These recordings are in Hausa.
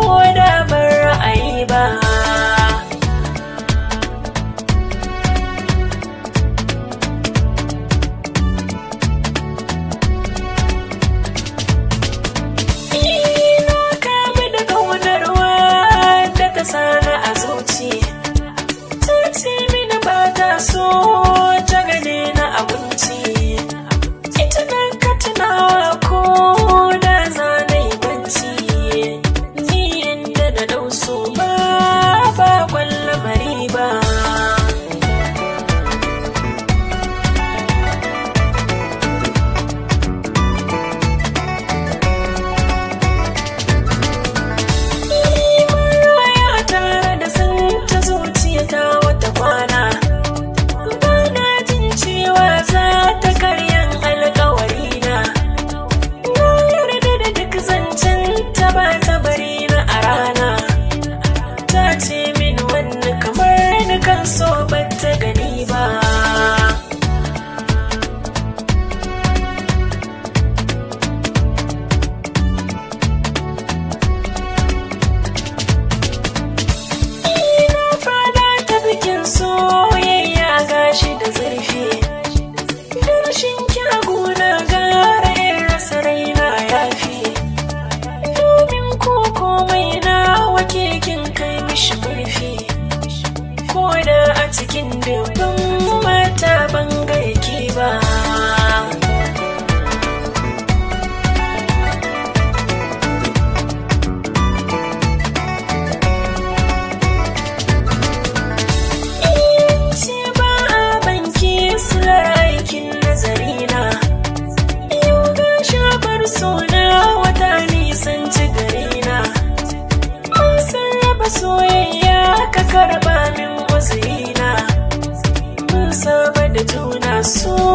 ko da ban ra'ayi ba Ina kamu da ƙaunarwa da ta sana a zuci, ta ce mini so Can't solve it. cikin dubban mata ban gaiki ba juna so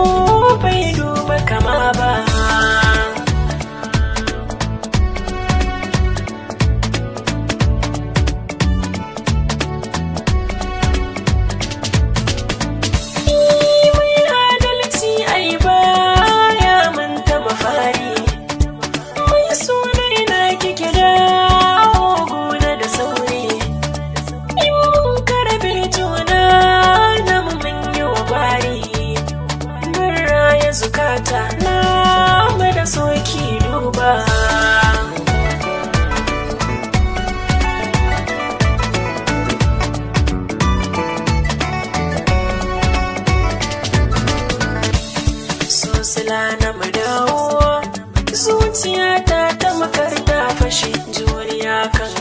bukata na mai da soki duba sosila na madawo zuciya ta ta makarta fashe juriya kan